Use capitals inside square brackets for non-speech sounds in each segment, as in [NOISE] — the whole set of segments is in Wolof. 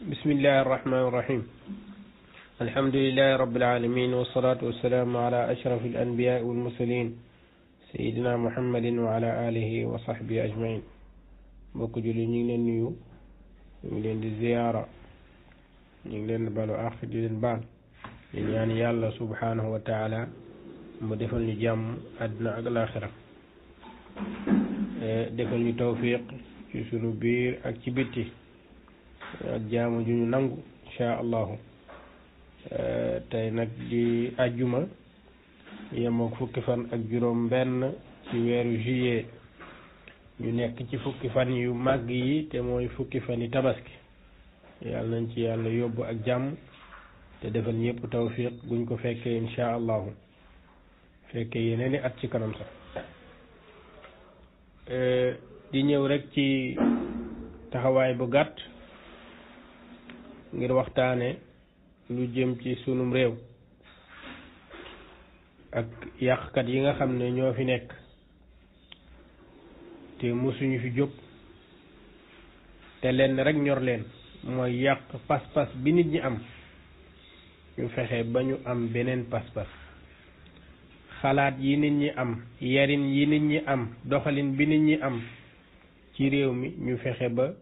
bismillahi arrahmani irrahim alhamdulilahi rabilalamin wasalatu wasalaamu ala ashrafi alanbiyai walmursalin sayidina muhammadin wa ala alihi wa sahbihi ajmain mbokk julli ñu ngi leen nuyu ñu ngi leen di ziyaara ñu ngi leen balu àq di leen baal di ñaan yàlla subhanahu wa taala mu defal ñu jàmm àdduna ak laaxira eh, defal ñu tawfiq ci sunu biir ak ci bitti ak jaamu ju ñu nangu insha allahu eh, tey nag di ajjuma yemook fukki fan ak juróom benn ci weeru juillet ñu nekk ci fukki fan yu màgg yi te mooy fukki fan yi tabaski yàlla nañ ci yàlla yóbbu ak jàmm te defal ñëpp tawfiq buñ ko fekkee insha allahu fekkee yeneen i at ci kanam sax eh, di ñëw rekk ci taxawaay bu gàtt ngir waxtaane lu jëm ci sunum réew ak yàqkat yi nga xam ne ñoo fi nekk te mosuñu fi jóg te lenn rekk ñor leen mooy yàq pas-pas bi nit ñi am ñu fexe ba ñu am beneen pas-pas xalaat yi nit ñi am yariñ yi nit ñi am doxalin bi nit ñi am ci réew mi ñu fexe ba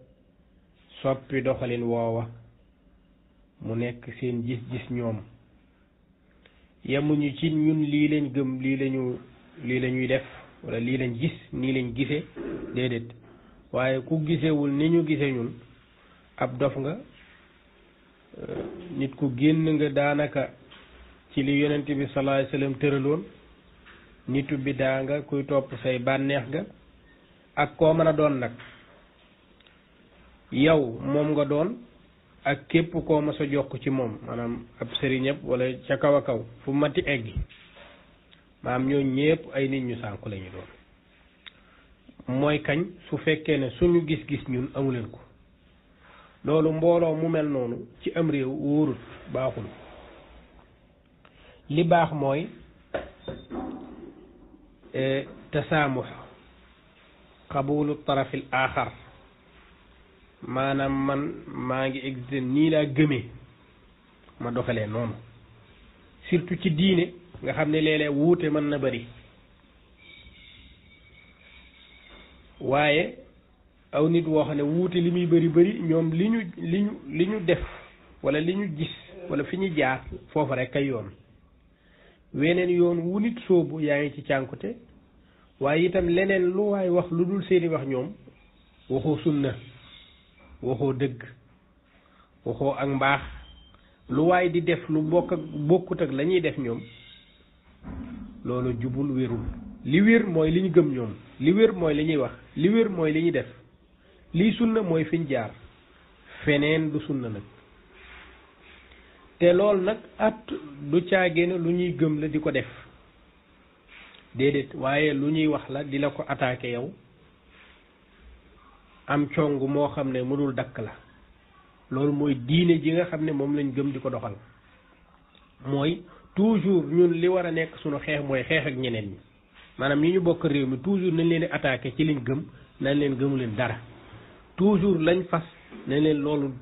soppi doxalin woowa mu nekk seen gis-gis ñoom yemuñu ci ñun lii lañ gëm lii lañu lii lañuy def wala lii lañ gis nii lañ gise déedéet waaye ku gisewul ni ñu gise ñun ab dof nga nit ku génn nga daanaka ci li yonent bi sallallahu alayhi wasallam tëraloon nitu bidaa nga kuy topp say bànneex nga ak koo mën a doon nag yow moom nga doon ak képp koo mas a jokk ci moom maanaam ab sëriñëb wala ca kaw a kaw fu mati eggi maanaam ñoo ñëpp ay nit ñu sànku lañu ñu doon mooy kañ su fekkee ne suñu gis-gis ñun amuleen ko loolu mbooloo mu mel noonu ci am réew wóorut baaxul li baax mooy eh, tasaamux qabulu tarafil aaxar maanaam man maa ngi existé nii laa gëme ma doxalee noonu surtout ci diine nga xam ne léeg-léeg wuute mën na bari waaye aw nit woo xam ne wuute li muy bari bari ñoom li ñu li ñu def walla li ñu gis wala fi ñu jaar foofa rek kay yoon weneen yoon wu nit soobu yaa ngi ci cànkute waaye itam leneen lu waay wax lu dul seeni wax ñoom waxoo na waxoo dëgg waxoo ak mbaax lu waay di def lu bokk ak bokkut ak la def ñoom loolu jubul wérul li wér mooy li gëm ñoom li wéer mooy li ñuy wax li wéer mooy li ñuy def lii sunna mooy fi jaar feneen du sunna nag te loolu nag at du caagéene lu ñuy gëm la di ko def déedéet waaye lu ñuy wax la di la ko attaqué yow am cong moo xam ne mënul dakk la loolu mooy diine ji nga xam ne moom lañ gëm di ko doxal mooy toujours ñun li war a nekk suñu xeex mooy xeex ak ñeneen ñi maanaam ñi ñu bokk réew mi toujours nañ leen di attaqué ci liñ gëm nañ leen gëmu leen dara toujours lañ fas nañ leen loolu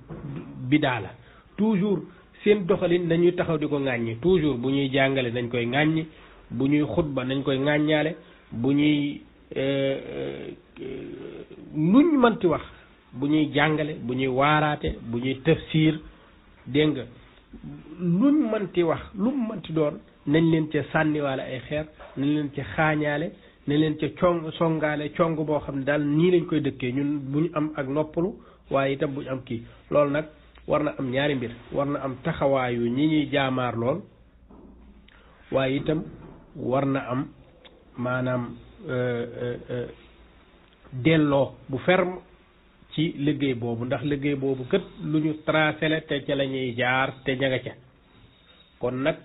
bidaa la toujours seen doxalin nañuy taxaw di ko ŋàññi toujours bu ñuy jàngale nañ koy ŋàññi bu ñuy xutba nañ koy ŋàññaale bu ñuy Euh, euh, euh, luñ mënti wax bu ñuy jàngale bu ñuy waaraate bu ñuy tafsir dégg nga luñ mënti wax lu mu mënti doon nañ leen ca sànniwaale ay xeer nañ leen ca xaañaale nañ leen ca cong songaale cong boo xam ne daal nii lañ koy dëkkee ñun bu ñu am ak noppalu waaye itam bu ñu am kii loolu nag war na am ñaari mbir war na am taxawaayu ñi ñuy jaamaar lool waaye itam war na am maanaam Euh, euh, euh, delloo bu ferme ci liggéey boobu ndax liggéey boobu kët lu ñu tracé te ca la ñuy jaar te ña ca kon nag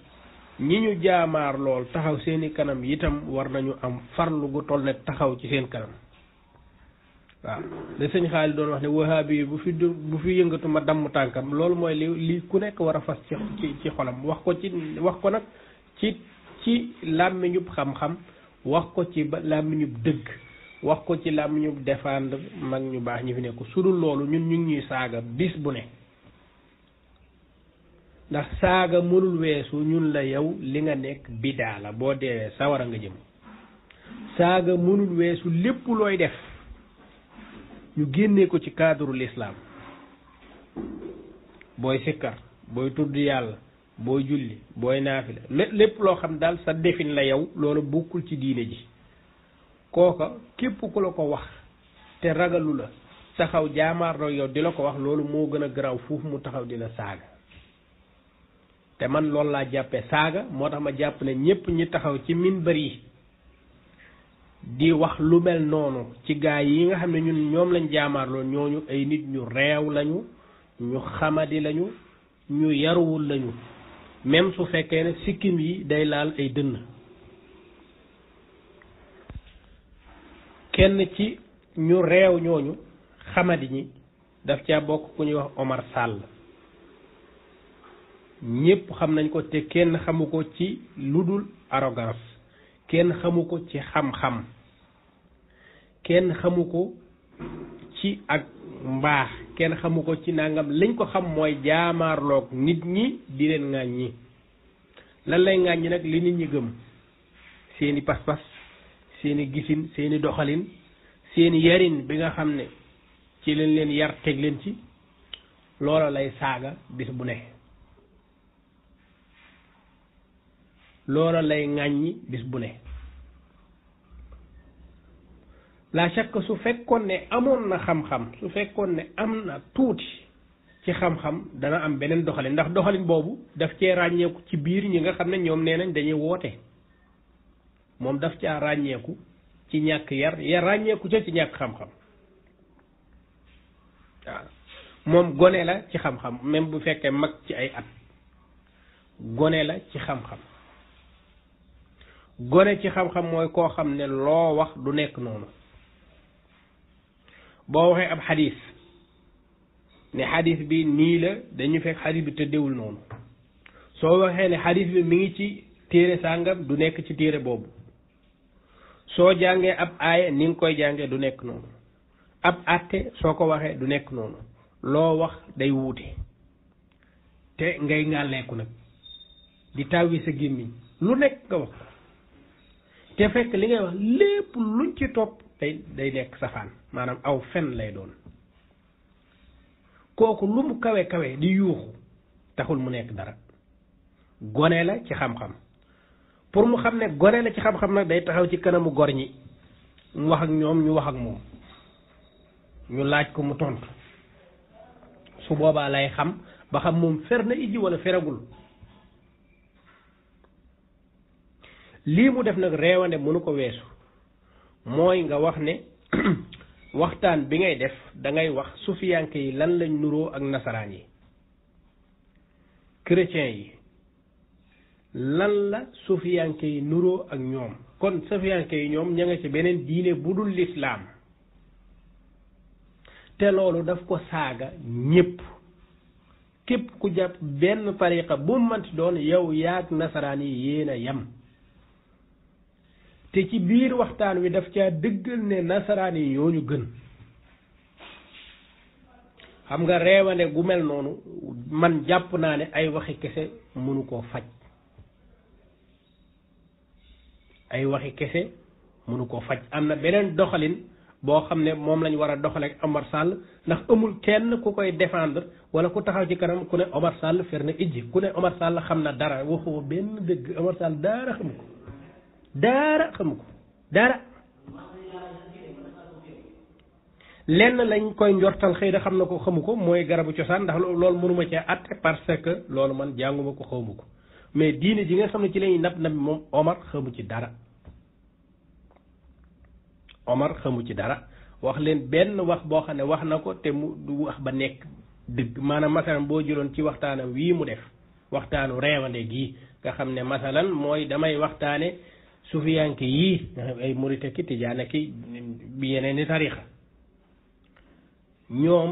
ñi ñu jaamaar lool taxaw seeni kanam itam war nañu am farlu gu toll ne taxaw ci seen kanam waaw li sëñ xaali doon wax ne wahaabi yi bu fi bu fi yëngatu ma damm tànkam loolu mooy li ku nekk war a fas ci ci xolam wax ko ci wax ko nag ci ci làmmiñub xam-xam wax ko ci làmmiñub dëgg wax ko ci làmmiñub defand mag ñu baax ñi fi nekk su dul loolu ñun ñu ñuy saaga bis bu ne ndax saaga mënul weesu ñun la yow li nga nekk bidaa la boo deewee sawara nga jëm saaga mënul weesu lépp looy def ñu génnee ko ci cadre l'islam booy sikkar booy tudd yàlla booy julli booy naafila lépp loo xam daal sa defin la yow loolu bukkul ci diine ji kooka képp ku la ko wax te ragalu la taxaw jaamaar yow di la ko wax loolu moo gën a garaaw foofu mu taxaw dina la saaga te man loolu laa jàppe saaga moo tax ma jàpp ne ñépp ñi taxaw ci minbar yi di wax lu mel noonu ci gaa yi nga xam ne ñun ñoom lañ jaamaarloo ñooñu ay nit ñu reew lañu ñu xamadi lañu ñu yaruwul lañu même su fekkee ne sikkim yi day laal ay dënn kenn ci ñu reew ñooñu xamadi ñi daf caa bokk ku ñuy wax Omar Sall ñépp xam nañ ko te kenn xamu ko ci lu dul arrogance kenn xamu ko ci xam-xam kenn xamu ko ci ak mbaax kenn xamu ko ci nangam lañ ko xam mooy jaamaarloog nit ñi di leen ñi lan lay ñi nag li nit ñi gëm seeni pas-pas seeni gisin seeni doxalin seeni yarin bi nga xam ne ci leen leen yar teg leen ci loola lay saaga bis bu ne loola lay ŋàññi bis bu ne la chaque su fekkoon ne amoon na xam-xam su fekkoon ne am na tuuti ci xam-xam dana am beneen doxalin ndax doxalin boobu daf cee ràññeeku ci biir ñi nga xam ne nee nañ dañuy woote moom daf caa ràññeeku ci ñàkk yar yar ràññeeku ca ci ñàkk xam-xam moom gone la ci xam-xam même bu fekkee mag ci ay at gone la ci xam-xam gone ci xam-xam mooy koo xam ne loo wax du nekk noonu boo waxee ab xadis ne xadis bi nii la dañuy fekk xadis bi tëddewul noonu soo waxee ne xadis bi mi ngi ci téere sàngam du nekk ci téere boobu soo jàngee ab aaya ni nga koy jàngee du nekk noonu ab àtte soo ko waxee du nekk noonu loo wax day wuute te ngay ngàlleeku nag di tawwi sa gémmiñ lu nekk nga wax te fekk li ngay wax lépp luñ ci topp day day nekk safaan maanaam aw fen lay doon kooku lu mu kawe kawe di yuuxu taxul mu nekk dara gone la ci xam-xam pour mu xam ne gone la ci xam-xam nag day taxaw ci kanamu gor ñi mu wax ak ñoom ñu wax ak moom ñu laaj ko mu tontu su boobaa lay xam ba xam moom fer na ijji wala feragul lii mu def nag reewande mënu ko weesu mooy nga wax ne [CLEARS THROAT] waxtaan bi ngay def dangay wax sufiyanke yi lan lañ nuroo ak nasaraan yi chrétien yi lan la sufiyanke yi nuroo ak ñoom kon sufiyanke yi ñoom ña nga ci beneen diine bu dul lislaam te loolu daf ko saaga ñépp képp ku jàpp benn tariqa bu mu mënti doon yow yaag nasaraan yi yéen yam te ci biir waxtaan wi daf caa dëggal ne nasaraan yi yoo ñu gën xam nga reewande gu mel noonu man jàpp naa ne ay waxi kese mënu koo faj ay waxi kese mënu koo faj am na beneen doxalin boo xam ne moom lañu war a doxale ak Omar Sall ndax amul kenn ku koy défendre wala ku taxaw ci kanam ku ne Omar Sall fer na ijji ku ne Omar Sall xam na dara waxoo benn dëgg Omar Sall dara xam ko daara xamu ko daara lenn lañ koy njortal xëy da xam na ko xamu ko mooy garabu cosaan ndax loolu mënuma ci at parce que loolu man jànguma ko xawma ko mais diine ji nga xam ne ci lañuy nab nabi moom Omar xamu ci dara Omar xamu ci dara wax leen benn wax boo xam ne wax na ko te mu du wax ba nekk dëgg maanaam masalan boo jëloon ci waxtaanam wii mu def waxtaanu reewande gii nga xam ne masalan mooy damay waxtaane sufiyanke yii nga xam ay murite ki bi yeneen i tarixa ñoom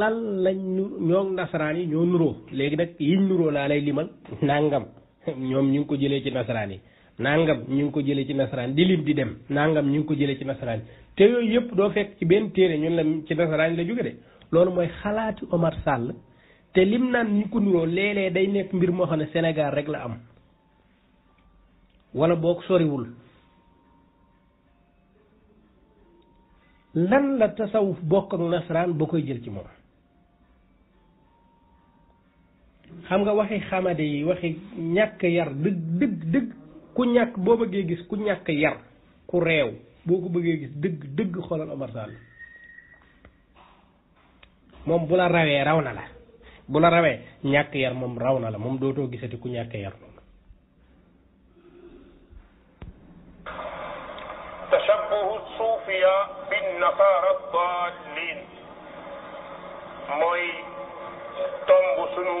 lan lañ nu ñoom nasaraan yi ñoo nuroo léegi nag yiñ nuroo laa lay limal nangam ñoom ñu ngi ko jëlee ci nasaraan yi nangam ñu ngi ko jëlee ci nasaraan di di dem nangam ñu ko jëlee ci nasaraan te yooyu yëpp doo fekk ci benn téere ñun la ci nasaraan yi la jóge de loolu mooy xalaati Omar sàll te lim naan ñu ko nuróo léeg day nekk mbir moo xam ne Sénégal rek la am wala boog soriwul lan la tasawuf bokk ak nasaraan ba koy jël ci moom xam nga waxi xamade yi waxi ñàkk yar dëgg dëgg dëgg ku ñàkk boo bëggee gis ku ñàkk yar ku réew boo ko bëggee gis dëgg dëgg xoolal Omar moom bu la rawee raw na la bu la rawee ñàkk yar moom raw na la moom dootoo gisati ku ñàkk yar nasaara daalliin mooy tomb sunu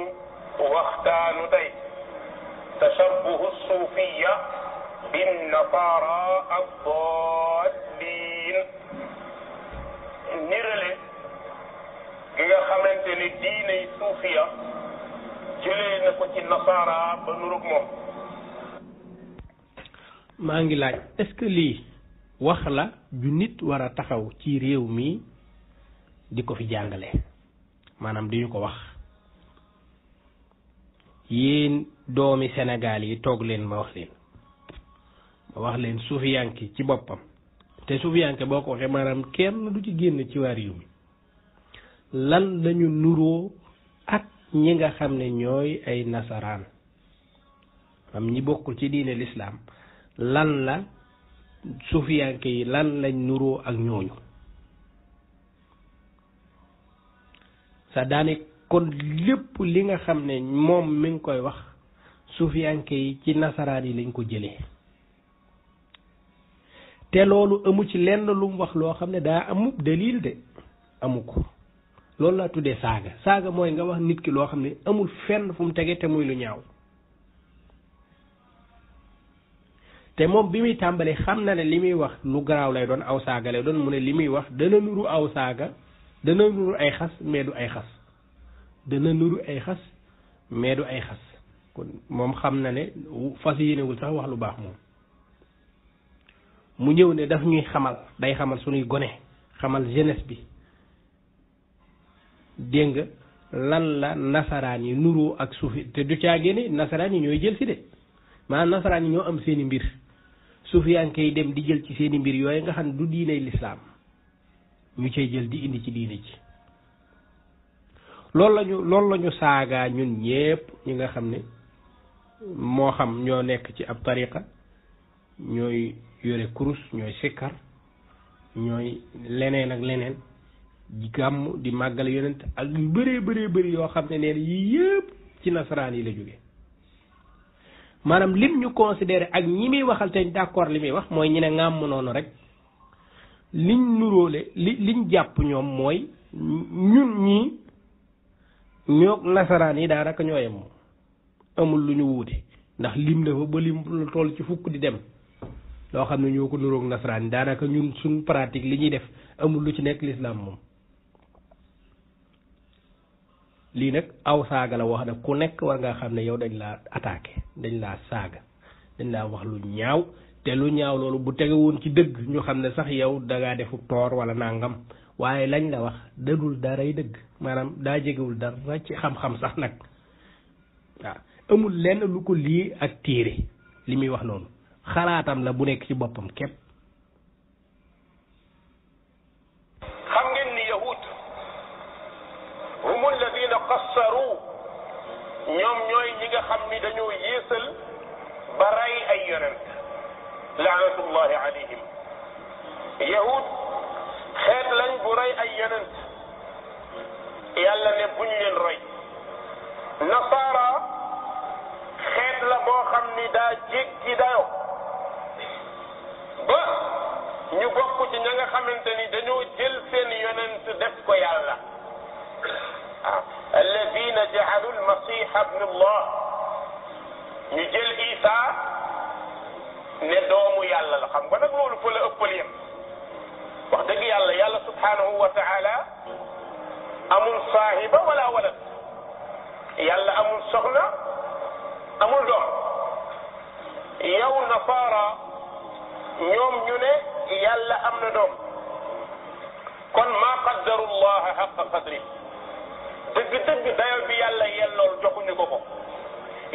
waxtaanu tey tashabbuhu suufiya bin nasaara daalliin nirale gi nga xamante ne diiney suufiya jëlee na ko ci nasaara ba nurug maa ngi laaj est-ce lii wax la ju nit war a taxaw ci réew mi di ko fi jàngale maanaam di ñu ko wax yi doomi senegaal yi toog leen ma wax leen ma wax leen suufiyanke ci boppam te suufiyanke boo ko waxee maanaam kenn du ci génn ci waa réew mi lan lañu nuroo ak ñi nga xam ne ñooy ay nasaraan am ñi bokkul ci diine lislaam lan la sufiyanke yi lan lañ nuroo ak ñooñu sa daane kon lépp li nga xam ne moom mi ngi koy wax sufiyanke yi ci nasaraan yi lañ ko jëlee te loolu amu ci lenn lu mu wax loo xam ne daa amub dalil de amu ko loolu laa tuddee saaga saaga mooy nga wax nit ki loo xam ne amul fenn fu mu tegee te muy lu ñaaw te moom bi muy tàmbalee xam na ne li muy wax lu garaaw lay doon aw saaga lay doon mu ne li muy wax dana nuru aw saaga dana nuru ay xas mais du ay xas dana nuru ay xas mais du ay moom xam na ne fas yéenewul sax wax lu baax moom mu ñëw ne daf ñuy xamal day xamal suñuy gone xamal jeunesse bi dégg nga lan la nasaraan yi nuru ak suufi te du caa génne nasaraan yi ñooy jël si de maanaam nasaraan yi ñoo am seeni mbir sufiyanke yi dem di jël ci seeni mbir yooyu nga xam ne du diiney lislaam ñu cay jël di indi ci diine ci loolu lañu loolu lañu saagaa ñun ñépp ñi nga xam ne moo xam ñoo nekk ci ab tariqa ñooy yore kurus ñooy sikkar ñooy leneen ak leneen di di màggale yonent ak yu bëree bëree bëri yoo xam ne neen yii yépp ci nasaraan yi la jóge maanaam lim ñu considéré ak ñi muy waxal te d'accord li muy wax mooy ñu ne ŋàmm noonu rek liñ nuróole li liñ jàpp ñoom mooy ñun ñii ñoo nasaraan yi daanaka ñoo yem amul lu ñu wuute ndax lim dafa ba lim lu ci fukk di dem loo xam ne ñoo ko nuróog nasaraan yi daanaka ñun suñ pratique li ñuy def amul lu ci nekk l'islam moom lii nag aw saaga la wax nag ku nekk war ngaa xam ne yow dañ laa attaqué dañ laa saaga dañ laa wax lu ñaaw te lu ñaaw loolu bu tege woon ci dëgg ñu xam ne sax yow dangaa defu toor wala nangam waaye lañ la wax dadul daray dëgg maanaam daa jegewul dara ci xam-xam sax nag waaw amul lenn lu ko lii ak téere li muy wax noonu xalaatam la bu nekk ci boppam képp ñoom ñooy ñi nga xam ni dañoo yéesal ba rey ay yonent laanatullahi alayhim yahud xeet lañ bu rey ay yonent yàlla ne buñ leen roy nasaara xeet la boo xam ni daa jéggi dayo ba ñu bokk ci ña nga xamante ni dañoo jël seen yonent def ko yàlla waaw alladina jaalu almasiha bnu allah ñu jël isa ne doomu yàlla la xam nga nag loolu fa la ëppal yem wax dëgg yàlla yàlla subhanahu wa taala amul saahiba wala walad yàlla amul soxna amul doom yow nasaara ñoom ñu ne yàlla am na doom kon maa qaddaru llaha xaqa qadri dëgg dëgg dayo bi yàlla yellool joxuñu ko ko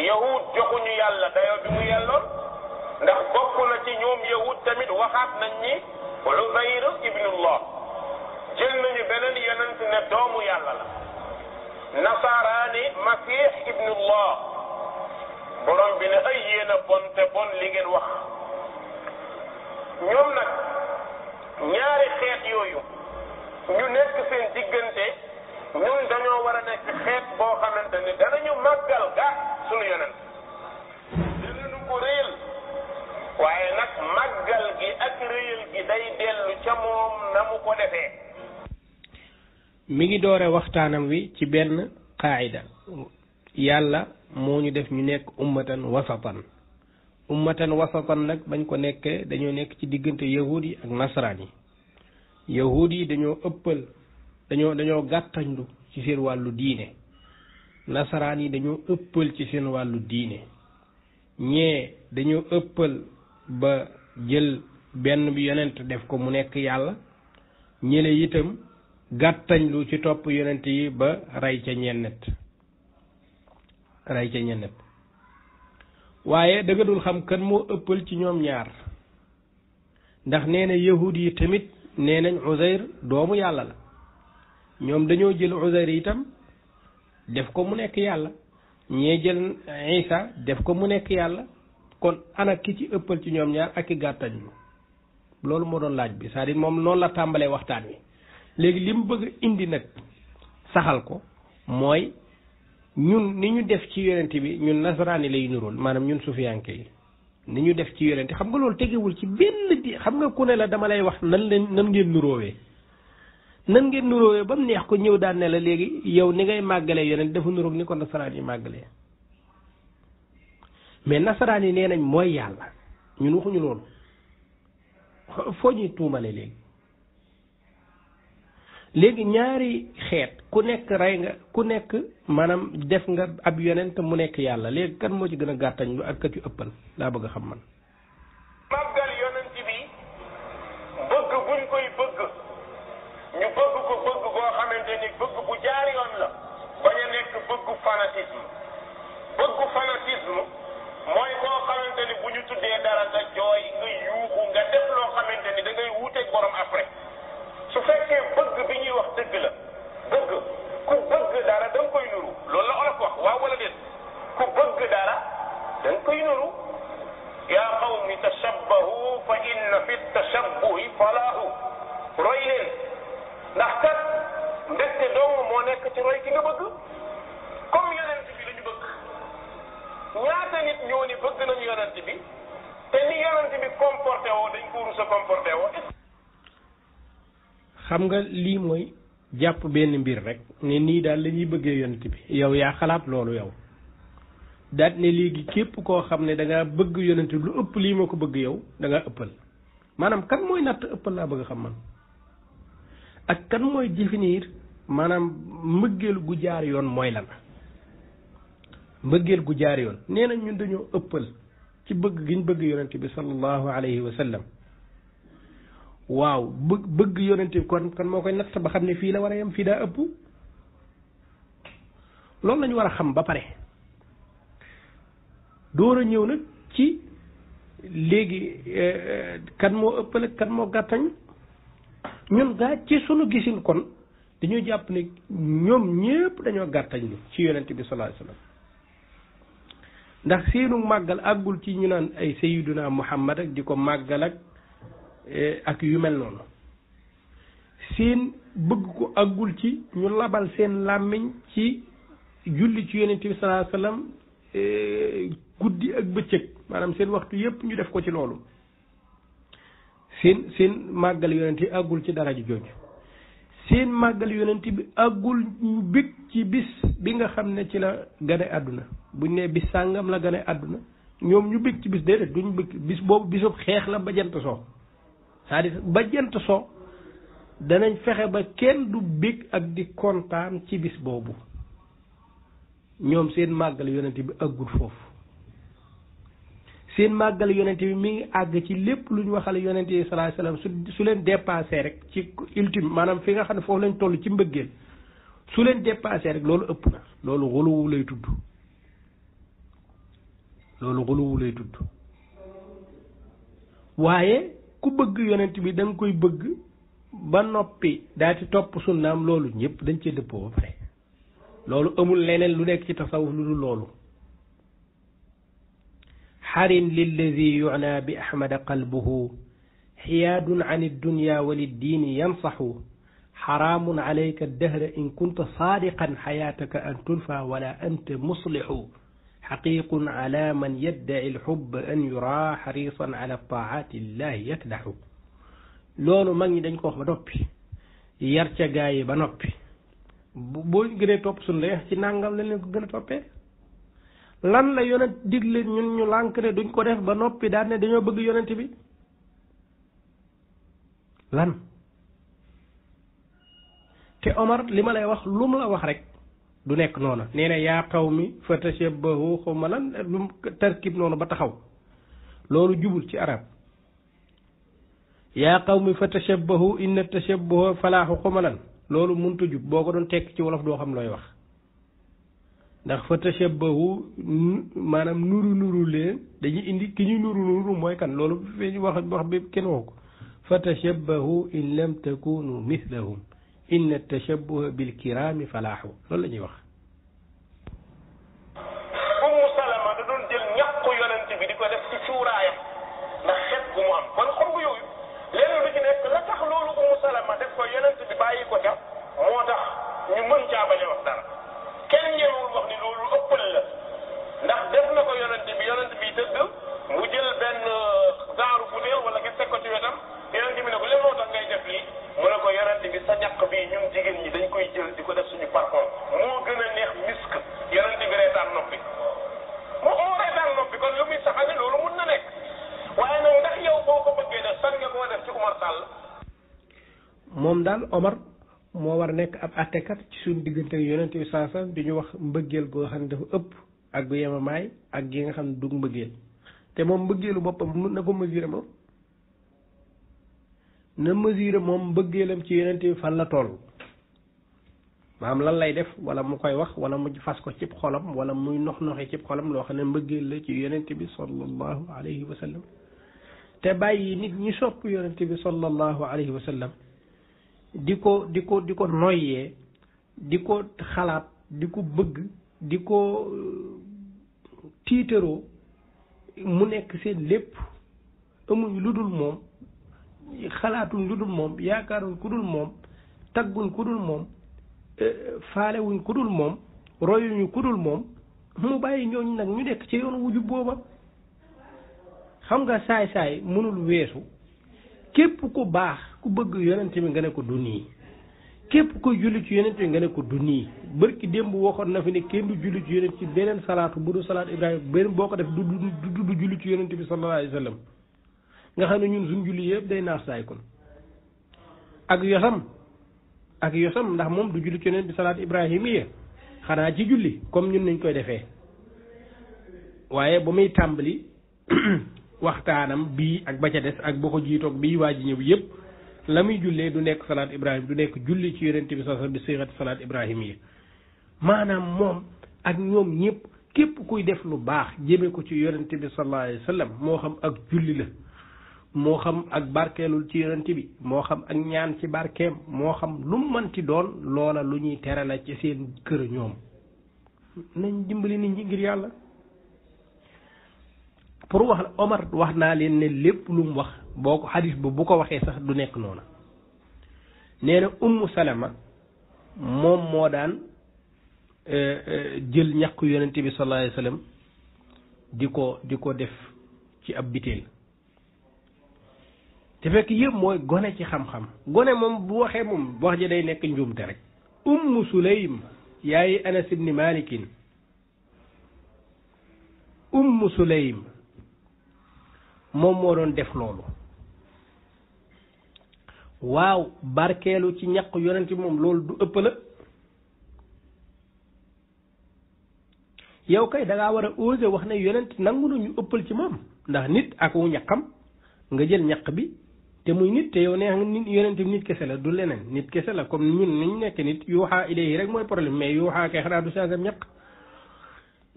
yahud joxuñu yàlla dayo bi mu yellool ndax bokk la ci ñoom yahud tamit waxaat nañ ni Uzayr ibnullah jël nañu beneen yonent ne doomu yàlla la nasaraani masih ibnullah borom bi ne ay yéen a bon te bon li ngeen wax ñoom nag ñaari xeet yooyu ñu nekk seen diggante ñun dañoo war a nekk xeet boo xamante ni danañu màggal ga suñu yonent dinañu ko réyal waaye nag màggal gi ak réyal gi day dellu ca moom na mu ko defee mi ngi doore waxtaanam wi ci benn qaayida yàlla moo ñu def ñu nekk ummatan wasatan ummatan wasatan nag bañ ko nekkee dañoo nekk ci diggante yahuud yi ak nasaraan yi yahuud yi dañoo ëppal dañoo dañoo gàttañlu ci seen wàllu diine nasaraan yi dañoo ëppal ci seen wàllu diine ñee dañoo ëppal ba jël benn bi yonent def ko mu nekk yàlla ñële itam gàttañlu ci topp yonent yi ba rey ca ñennet rey ca ñennet waaye dëgga xam kan moo ëppal ci ñoom ñaar ndax nee na yahud yi tamit nee nañ Uzayr doomu yàlla la ñoom dañoo jël Uzayr itam def ko mu nekk yàlla ñee jël Isa def ko mu nekk yàlla kon ana ki ci ëppal ci ñoom ñaar ak i gàttañ loolu moo doon laaj bi cest moom noonu la tàmbalee waxtaan wi léegi li bëgg indi nag saxal ko mooy ñun ni ñu def ci yonent bi ñun nasaraani lay nurool maanaam ñun sufiyanke yi ni ñu def ci yonent xam nga loolu tegewul ci benn di xam nga ku ne la dama lay wax nan leen nan ngeen nuroowee nan ngeen nuróowee ba mu neex ko ñëw daan ne la léegi yow ni ngay màggalee yeneen dafa nurook ni ko nasaraan yi màggale mais nasaraan yi nee nañ mooy yàlla ñun waxuñu loolu foo ñuy tuumale léegi léegi ñaari xeet ku nekk rey nga ku nekk maanaam def nga ab yonent mu nekk yàlla léegi kan moo ci gën a gàttañ lu ak kat yu ëppal laa bëgg a xam man bëggu fanatisme mooy koo xamante ni bu ñu tuddee dara nga jooy nga yuuxu nga def loo xamante ni da ngay wuuteeg après su fekkee bëgg bi ñuy wax dëgg la bëgg ku bëgg dara da koy nuru loolu la olof wax waaw wala déet ku bëgg dara da koy nuru yaa qawmi tashabbahu fa inna fi tashabbuhi falaahu roy leen ndax kat ndekte moo nekk ci roy ki nga ñaata nit ñoo ni bëgg nañu yonent bi te ni yonent bi comporté woo dañ ko rusa comporté woo xam nga lii mooy jàpp benn mbir rek ni nii daal lañuy bëggee yonent bi yow yaa xalaat loolu yow daat ne léegi képp koo xam ne danga ngaa bëgg yonent lu ëpp lii ma ko bëgg yow danga ëppal maanaam kan mooy natt ëppal laa bëgg a xam man ak kan mooy définir maanaam mbëggeelu gu jaar yoon mooy lan mbëggeel gu jaar yoon nee nañ ñun dañoo ëppal ci bëgg giñ bëgg yonente bi sallallahu alayhi wa sallam waaw bëgg bëgg yonente bi kon kan moo koy natt ba xam ne fii la war a yem fii daa ëpp loolu lañu war a xam ba pare door a ñëw nag ci léegi eh, eh, kan moo ëppale kan moo gàttañ ñun gaa ci sunu gisin kon dañuy jàpp ne ñoom ñépp dañoo gàttañ lu ci yonente bi sallallahu alayhi wa ndax seenu màggal àggul ci ñu naan ay sayiduna muhammad ak di ko màggal ak eh, ak yu mel noonu seen bëgg ko àggul ci ñu labal seen làmmiñ ci julli ci yonent bi salaa sallam eh, guddi ak bëccëg maanaam seen waxtu yépp ñu def ko ci loolu seen seen màggal yonent bi àggul ci dara ji jooju seen màggal yonent bi àggul ñu bég ci bis bi nga xam ne ci la gane àdduna buñ nee bis sàngam la gane àdduna ñoom ñu bëgg ci bis déedéet duñ bëgg bis boobu bisub xeex la ba jant soo cest à ba jant soo danañ fexe ba kenn du bëgg ak di kontaan ci bis boobu ñoom seen màggal yonent bi àggul foofu seen màggal yonent bi mi ngi àgg ci lépp lu ñu waxal yonent yi salaay salaam su su leen dépassé rek ci ultime maanaam fi nga xam ne foofu lañ toll ci mbëggee su leen dépassé rek loolu ëpp na loolu wolowu lay tudd loolu xuluwu lay tudd waaye ku bëgg yonent bi da nga koy bëgg ba noppi daa ci topp sunnaam loolu ñëpp dañ cee dëppoo ba pare loolu amul leneen lu nekk ci tasawuf lu dul loolu xarin lillazi yuna bi ahmada qalbuhu xiyaadun an iddunya waliddiini yansaxu xaraamun alayka dahra in kunta saadiqan xayaataka an tulfa wala anta muslixu xaqiiqun ala man yaddaci loolu mag ñi dañ ko wax ba noppi yi ba noppi boo gënee topp suñu lay ci nàngam lañ gën a toppee lan la yonent digle lànk duñ ko def ba noppi daan ne dañoo bëgg yonent bi lan te Omar li ma lay wax lu mu la wax rek du nekk noona nee na yaa qawmi fatashabbahu xaw ma lan lu tarkib noonu ba taxaw loolu jubul ci arab yaa qawmi fatashabbahu inna tashabbaha falaaxu xaw ma lan loolu mënta jub boo ko doon tekk ci wolof doo xam looy wax ndax fatashabbahu maanaam nuru nuru leen dañuy indi ki ñuy nuru nuru mooy kan loolu fi wax wax bi kenn waxu ko fatashabbahu in lam takunu mislahum inna tashabbuha bil kiraami falaaxu loolu la ñuy wax ñàkk bi ñun jigéen ñi dañ koy jël di ko def suñu parfum moo gën a neex misk yeneen di bi reetaan noppi moo ko bëggee def san nga koo def ci moom daal Omar moo war a nekk ab àttekat ci suñu diggante yonent san saa saa di ñu wax mbëggeel goo xam ne dafa ëpp ak gu yemamaay ak gi nga xam ne du mbëggeel te moom mbëggeelu boppam na ko mesurer moom na mesure moom mbëggeelam ci yonent bi fan la tool maam lan lay def wala mu koy wax wala mu fas ko cib xolam wala muy nox noxi cib xolam loo xam ne mbëggeel la ci yonent bi sallallahu alayhi wa sallam te bàyyi nit ñi sopp yonent bi sallallahu alayhi wa sallam di ko di ko di ko noyyee di ko xalaat di ko bëgg di ko tiitaroo mu nekk seen lépp amuñ lu dul moom xalaatuñ lu dul moom yaakaaruñ ku dul moom tagguñ ku dul moom eh, faalewuñ ku dul moom royuñu ku moom mu bàyyi ñooñu nag ñu nekk ci yoonu wujub booba xam nga saay-saay mënul weesu képp ku baax ku bëgg yonent bi nga ne ko du nii képp ku julli ci yonent bi nga ne ko du nii bërki démb waxoon na fi ne kenn du julli ci yonent ci beneen salaatu bu du salaat Ibrahima boo ko def du du du julli ci yonent bi sallallahu alayhi wa sallam nga xam ne ñun suñ julli yëpp day naax saay kon ak yosam ak yosam ndax moom du julli ci yonent bi salaat ibrahimiya xanaa ci julli comme ñun nañ koy defee waaye ba muy tàmbali [CLEARS THROAT] waxtaanam bii ak ba ca des ak boo ko jiitoog bii waa ji ñëw yëpp la muy jullee du nekk salaat ibrahim du nekk julli ci yonent bi salaat bi siixati maanaam moom ak ñoom ñépp képp kuy def lu baax jëme ko ci yonent bi sallallahu alayhi wa moo xam ak julli la moo xam ak barkeelul ci yonent bi moo xam ak ñaan ci barkeem moo xam lu mu mënti doon loola lu ñuy tere la ci seen kër ñoom nañ dimbali nit ñi ngir yàlla pour wax Omar wax naa leen ne lépp lu mu wax boo ko xadis bu bu ko waxee sax du nekk noona nee na ummu moom moo daan euh, euh, jël ñàkku yonent bi sallallahu alayhi di ko di ko def ci ab biteel te fekk yëpp mooy gone ci xam-xam gone moom bu waxee moom wax ji day nekk njuumte rek ummu sulaym yaayi anas ibni malikin ummu sulaym moom moo doon def loolu waaw barkeelu ci ñaq yonent moom loolu du ëpp la yow kay da war a osé wax ne yonent nangu nañu ëppal ci moom ndax nit ak wu ñaqam nga jël ñaq bi te muy nit te yow nee xam nit yonent bi nit kese la du leneen nit kese la comme ñun niñ nekk nit yuuxaa idée yi rek mooy problème mais yuuxaa kay xanaa du saasam ñaq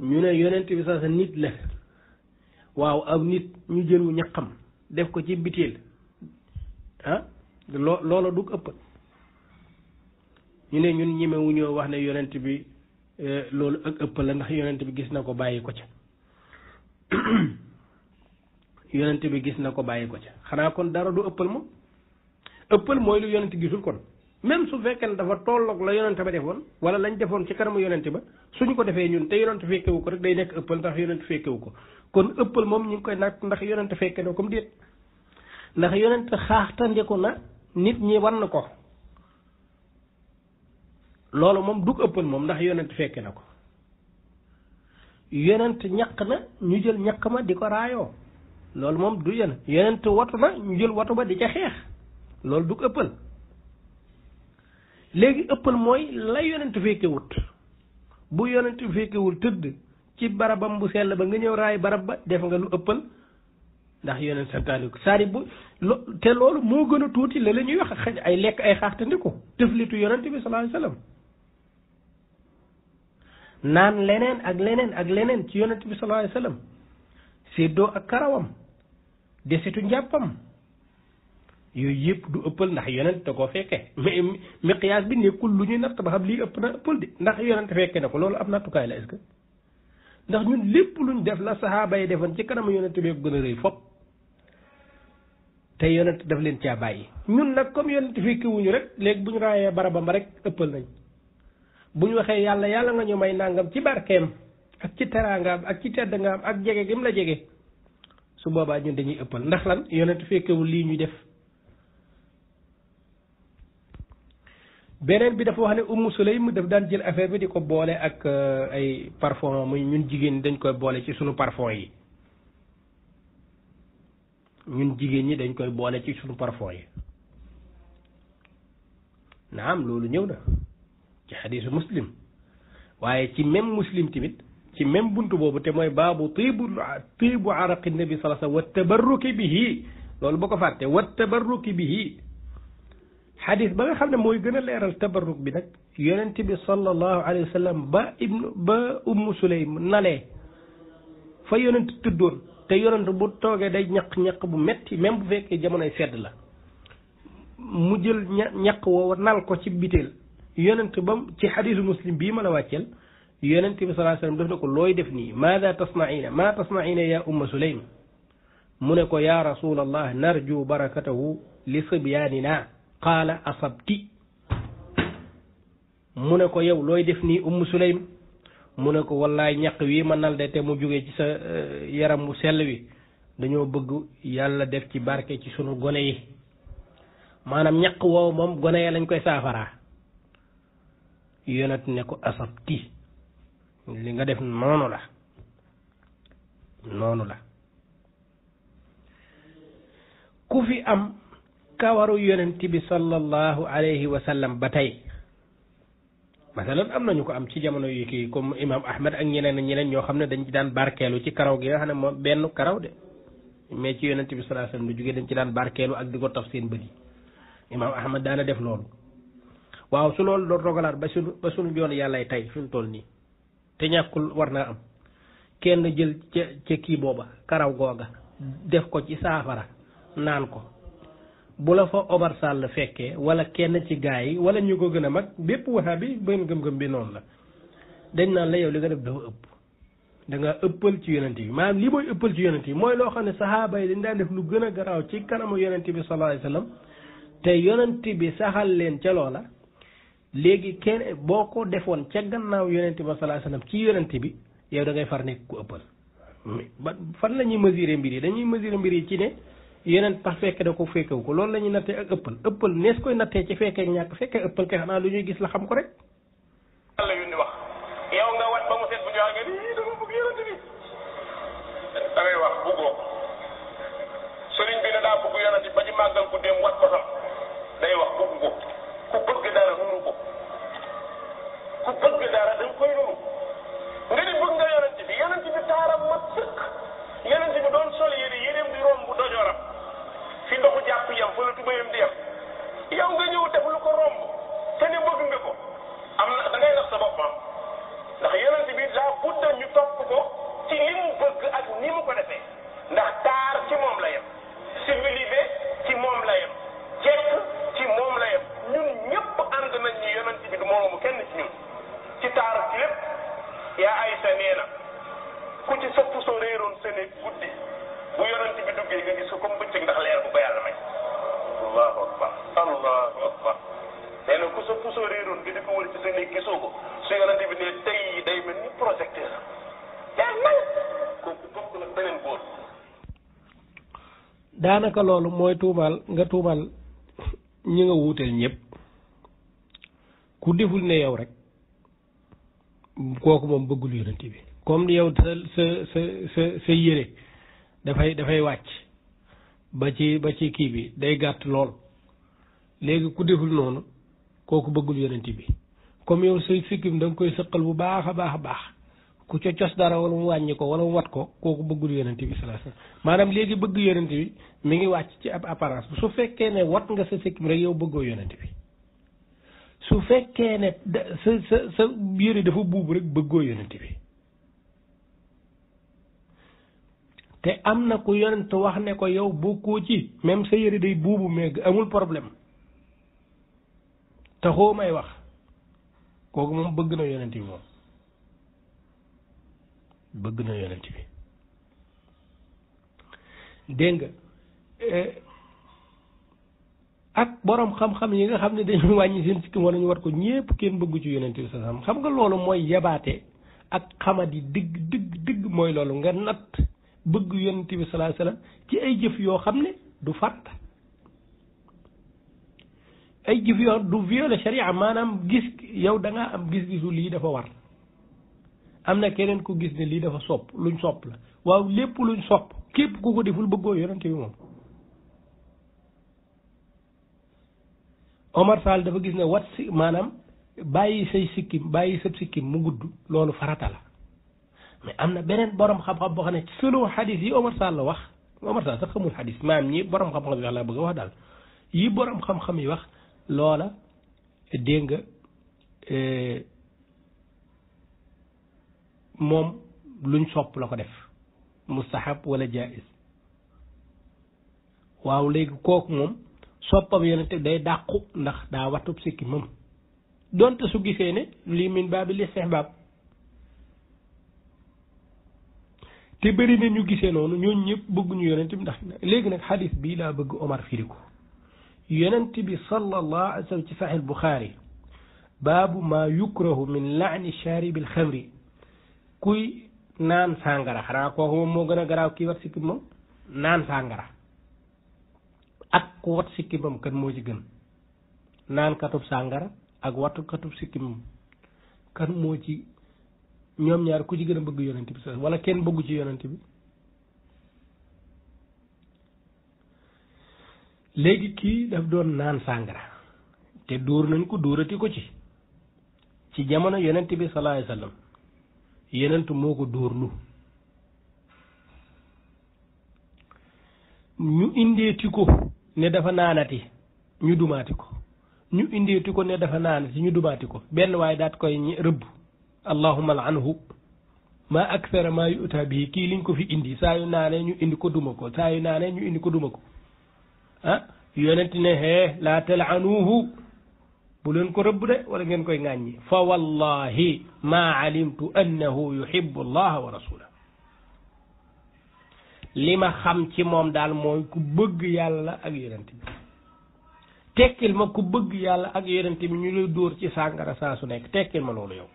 ñu ne yonent bi saasa nit la waaw aw nit ñu jëlu ñaqam def ko ci biteel ah loo loola du ëpp ñu ne ñun ñemewuñoo wax ne yonent bi eh, loolu ak ëpp la ndax yonent bi gis na ko bàyyi ko ca [CLEARS THROAT] yonent bi gis na ko bàyyi ko ca xanaa kon dara du ëppal moom ëppal mooy lu yonent gisul kon même su fekkee ne dafa tolloog la yonent ba defoon wala lañ defoon ci kanamu yonent ba suñu ko defee ñun te yonent fekkewu ko rek day nekk ëppal ndax yonent fekkewu ko kon ëppal moom ñu ngi koy natt ndax yonent fekke na comme déet ndax yonent xaaxtandiku na nit ñi war na ko loolu moom dug ëppal moom ndax yonent fekke na ko yonent ñaq na ñu jël ñaq ma di ko raayoo loolu moom du yéen yenent watu na ñu jël watu ba di ca xeex loolu du ëppal léegi ëppal mooy la yonent fekkewut bu yonent fekkewul tëdd ci barabam bu sell ba nga ñëw raay barab ba def nga lu ëppal ndax yonent santaane ko saari bu lo te loolu moo gën a tuuti la la ñuy wax ay lekk ay xaaxtandiku tëflitu yonent bi sallallahu alayhi naan leneen ak leneen ak leneen ci yonent bi sallallahu alayhi wasallam ak karawam desitu njàppam yooyu yëpp du ëppal ndax yonent da koo fekke mais miqyaas bi nekkul lu ñuy natt ba xam lii ëpp na ëppal de ndax yonent fekke na ko loolu am nattukaay la est ndax ñun lépp lu luñ def la saxaaba yi defoon ci kanamu yonent bi gën a rëy fop te yonent daf leen caa bàyyi ñun nag comme yonent fekki wuñu rek léegi bu ñu raayee barabam rek ëppal nañ bu ñu waxee yàlla yàlla nga ñu may nàngam ci barkeem ak ci teraangaam ak ci tedd ak jege gim la jege su boobaa ñun dañuy ëppal ndax lan yonent fekkewul lii ñuy def beneen bi dafa wax ne Ummu Sulaym daf daan jël affaire bi di ko boole ak euh, ay parfum muy ñun jigéen ñi dañ koy boole ci sunu parfum yi ñun jigéen ñi dañ koy boole ci sunu parfum yi am loolu ñëw na ci xadiisu muslim waaye ci même muslim tamit ci même buntu boobu te mooy baabu tiibu tiibu araqi nabi sallallahu alayhi wa sallam loolu boo ko fàtte wa tabarruki bihi xadis ba nga xam ne mooy gën a leeral tabarruk bi nag yonent bi sallallahu alayhi wa ba ibnu ba nale sulaym nalee fa yonent tuddoon te yonent bu toogee day ñaq-ñaq bu metti même bu fekkee jamonoy sedd la mu jël ñaq woowa nal ko ci biteel yonent ba ci xadisu muslim bii ma la wàcceel yonent bi sallallahu alayhi wasallam def na ko looy def nii maada tasnaina maa tasnaina ya umma sulaym mu ne ko ya rasulallah narju barakatahu li sibyaanina qaala asabti mu ne ko yow looy def nii ummu sulaym mu ne ko wallaay ñaq wii ma nal de te mu jóge ci sa eh, yaram wu sell wi dañoo bëgg yàlla def ci barke ci suñu gone yi maanaam ñaq woow moom gone yi lañ koy saafaraa yonent ne ko asabti li nga def noonu la noonu la ku fi am kawaru yonent bi sallallahu alayhi wa sallam ba tey masalan am nañu ko am ci jamono yu kii comme imam ahmad ak ñeneen ñeneen ñoo xam ne dañ daan barkeelu ci karaw gi xam ne moom benn karaw de ci yonent bi sallallahu alayhi wa dañ ci daan barkeelu ak di ko taf seen bët yi def loolu waaw yàllay tey fi mu toll nii te ñàkkul war naa am kenn jël ca kii booba karaw googa def ko ci saafara naan ko bu la fa Omar Sall fekkee wala kenn ci gaa yi wala ñu ko gën a mag bépp waxaa bi benn gëm-gëm bi noonu la dañ naan la yow li nga def dafa ëpp dangaa nga ëppal ci yonent bi maanaam lii mooy ëppal ci yonent bi mooy loo xam ne saxaaba yi dañ daan def lu gën a garaaw ci kanamu yonent bi sallallahu alayhi wasallam te yonent bi saxal leen ca loola léegi kenn boo ko defoon ca gannaaw yonent bi sallallahu ci yonent bi yow da ngay far nekk ku ëppal ba fan la ñuy mesurer mbir yi dañuy mesurer mbir yi ci ne yeneen tax fekke da ko fekkewu ko loolu la ñuy nattee ak ëppal ëppal nees koy nattee ci fekkee ñàkk fekkee ëppal kay xanaa lu ñuy gis la xam ko rek yàlla yu yow nga wat ba mu seet bu ñu waxee nii dama bëgg yonent bi da ngay wax bëggoo sëriñ bi ne ba ci day wax bëgg ko ku bëgg dara nuru ko ku bëgg dara da nga koy nuru nga ni bëgg nga yonent bi yonent bi taaram mat sëkk yonent bi doon sol yére yéreem di romb dojoram fi ndoxu jàpp yam fa la tubayam di yam yow nga ñëw def ko romb te ne bëgg nga ko am na da ngay nax sa boppam ndax yonent bi laa budda ñu topp ko ci li mu bëgg ak ni mu ko defee ndax taar ci moom la yem civilisé ci moom la yem jekk ci moom la yem ñun ñëpp ànd nañ ñu yonent bi du kenn ci ñun ci taar ci lépp yaa Aysa nee ku ci sëpp soo réeroon sa néeg guddi bu yonent bi duggee nga gis ko comme bëccëg ndax leer bu ko yàlla may allahu akbar allahu akbar nee na sa pusoo réeroon bi di ko ci sa néeg gisoo ko su yonent bi ne tey day mel ni projecteur yaa daanaka loolu mooy tuubal nga tuubal ñi nga wuuteel ñëpp ku deful ne yow rek kooku moom bëggul yonent bi comme yow sa sa sa sa sa yére dafay dafay wàcc ba ci ba ci kii bi day gàtt lool léegi ku deful noonu kooku bëggul yonent bi comme yow say sikkim da koy sëqal bu baax a baax a baax ku ca cos dara wala mu wàññi ko wala mu wat ko kooku bëggul yonent bi sallallahu alayhi wasallam maanaam léegi bëgg yonent bi mi ngi wàcc ci ab apparence su fekkee ne wat nga sa sikkim rek yow bëggoo yonent bi su fekkee ne dafa buubu rek te am na ku yonent wax ne ko yow bokkoo ci même sa yére day buubu mais amul problème taxoo may wax kooku moom bëgg na yonent bi moom bëgg na yonent bi dégg nga eh, ak borom xam-xam yi nga xam ne dañuy [LAUGHS] wàññi seen sikkim wala ñu war ko ñépp kenn bëggu ci yonent bi sa xam nga loolu mooy yabaate ak xamadi dëgg dëgg dëgg mooy loolu nga natt bëgg yonent bi salaa salaam ci ay jëf yoo xam ne du fàtt ay jëf yoo du viole sharia maanaam gis yow da am gis-gisu lii dafa war am na keneen ku gis ne lii dafa sopp luñ sopp la waaw lépp luñ sopp képp ku ko deful bëggoo yonent bi moom Omar dafa gis ne wat si maanaam bàyyi say sikkim bàyyi sab sikkim mu gudd loolu farata la mais am na beneen borom xam-xam boo xam ne selon xadis yi Omar Sall wax Omar Sall sax xamul xadis maam ñi borom xam-xam yi wax laa bëgg a wax daal yi borom xam-xam yi wax loola dégg eh, moom luñ sopp la ko def mu mustahab wala jaiz waaw léegi kooku moom soppam yonente day dàqu ndax daa watub sikki moom donte su gisee ne lii min baabi listihbaab te bëri na ñu gisee noonu ñooñu ñëpp bëgguñu yonent bi ndax léegi nag xadis bii laa bëgg Omar firi ko yonent bi sallallahu alayhi wa sallam ci saxiix Buxaari baabu maa yukrahu min laani shaaribil xamri kuy naan sàngara xanaa kooku moom moo gën a garaaw kii wat sikkim moom naan sàngara ak ku wat sikkimam kan moo ci gën naan katub sàngara ak watu katub sikkimam kan moo ci ñoom ñaar ku ci gën a bëgg yonent bi sax wala kenn bëggu ci yonent bi léegi kii daf doon naan sàngara te dóor nañ ko dóorati ko ci ci jamono yonent bi sallallahu alayhi wasallam yenent moo ko dóorlu ñu indeeti ko ne dafa naanati ñu dumaati ko ñu indeeti ko ne dafa naanati ñu dumaati ko benn waaye daat koy rëbb allahumma al anhu ma akthara ma yuta liñ ko fi indi saa yu naane ñu indi ko duma ko saa yu naane ñu indi ko duma ko ah yonent ne hee laa talanuuhu bu leen ko rëbb de wala ngeen koy ŋàññi fa wallahi ma alimtu annahu yuhibbu allaha wa rasulahu li ma xam ci moom daal mooy ku bëgg yàlla ak yonent bi tekkil ma ku bëgg yàlla ak yonent mi ñu lay dóor ci sàngara saa su nekk tekkil ma loolu yow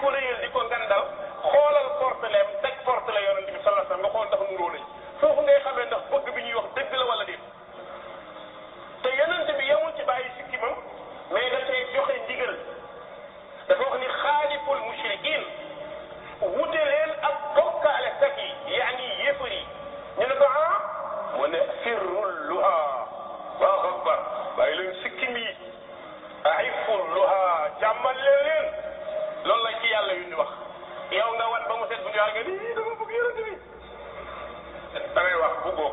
ko réyal di ko gàndal xoolal porteleem teg portele yonent bi sallallahu alayhi wasallam nga xool dafa nuróo lañ foofu ngay xamee ndax bëgg bi ñuy wax dëgg la wala déet te yonent bi yemul ci bàyyi sikkimam mais dafay a ndigal dafa wax ni xaaliful mushrikin wute leen ak bokkaale kat yi yaani yéefar yi ñu ne ko ah mu ne firrul luha waaw akbar bàyyi leen sikkim yi aiful luha jàmmal leen yu ñu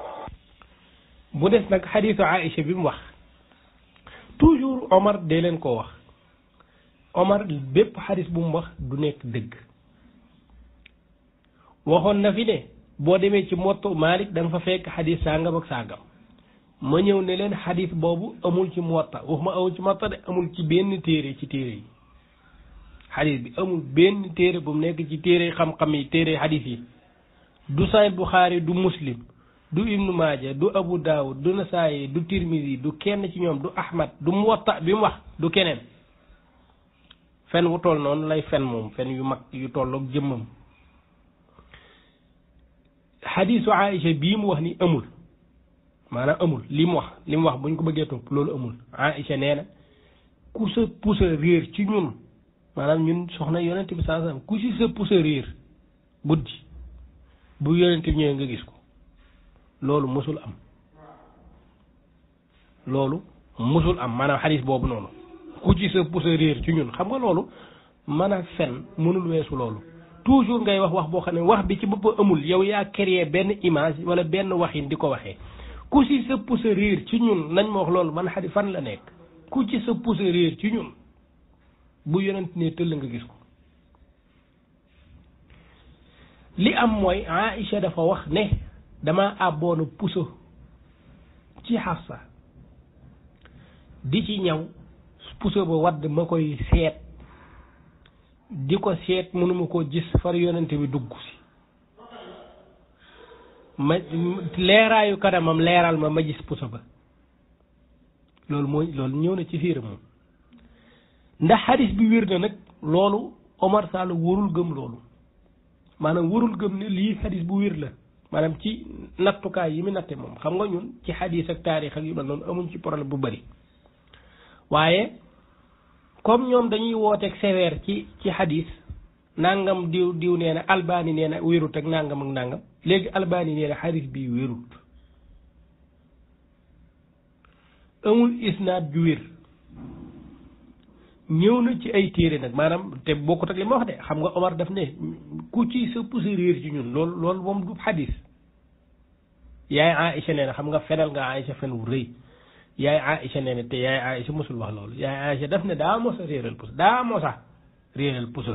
bu des nag xadiisu Aïcha bi mu wax toujours Omar de leen ko wax Omar bépp xadiis bu mu wax du nekk dëgg waxoon na fi ne boo demee ci mottu Malik danga fa fekk xadiis sàngam ak sàngam ma ñëw ne leen xadiis boobu amul ci motta waxuma amul ci motta de amul ci benn téere ci téere yi. xadis bi amul benn téere bu mu nekk ci téere xam-xam yi téere xadis yi du Sahih Bukhari du Muslim du Ibnu Maaja du Abu Daawud du Nasaayi du Tirmisi du kenn ci ñoom du Ahmad du Muwatta bi mu wax du keneen fen wu toll noonu lay fen moom fen yu mag yu tolloog jëmmam xadiisu Aïcha bii mu wax ni amul maanaam amul lii mu wax li mu wax buñ ko bëggee topp loolu amul Aïcha nee na ku pusa réer ci ñun maanaam ñun soxna yonent bi saa saam ku si sëpp sa réer guddi bu yonent bi ñëwee nga gis ko loolu mosul am loolu mosul am maanaam xadis boobu noonu ku ci sëpp sa réer ci ñun xam nga loolu man a fen mënul weesu loolu toujours ngay wax wax boo xam ne wax bi ci bopp amul yow yaa créé benn image wala benn wax waxin di ko waxee ku si sëpp sa réer ci ñun nañ moo wax loolu man xadis fan la nekk ku ci sëpp sa réer ci ñun bu yonent ne tëll nga gis ko li am mooy Aïcha dafa wax ne dama àbboona puso ci Hafsa di ci ñaw puso ba wadd ma koy seet di ko seet mënuma koo gis far yonent bi dugg si ma leeraayu kanamam leeral ma ma gis puso ba loolu mooy loolu ñëw na ci fiira moom ndax xadis bi wér na nag loolu Omar Sall gëm loolu maanaam wërul gëm ne lii xadis bu wér la maanaam ci nattukaay yi mu natte moom xam nga ñun ci xadis ak taarix ak yu mel noonu amuñ ci problème bu bari waaye comme ñoom dañuy wooteeg sévère ci ci xadis nangam diw nee na albani nee na wérut ak nangam ak nangam léegi nee na bi wérut amul isnaad ju wér ñëw na ci ay téere nag maanaam te bokkut ak li ma wax de xam nga Omar def ne ku ci sa pousse réer ci ñun lool lool moom du xadis yaay Aïcha nee xam nga fenal nga Aïcha fen wu rëy yaay Aïcha nee na te yaay Aïcha mosul wax loolu yaay Aïcha daf ne daa mos a réeral pousse daa mos a réeral pousse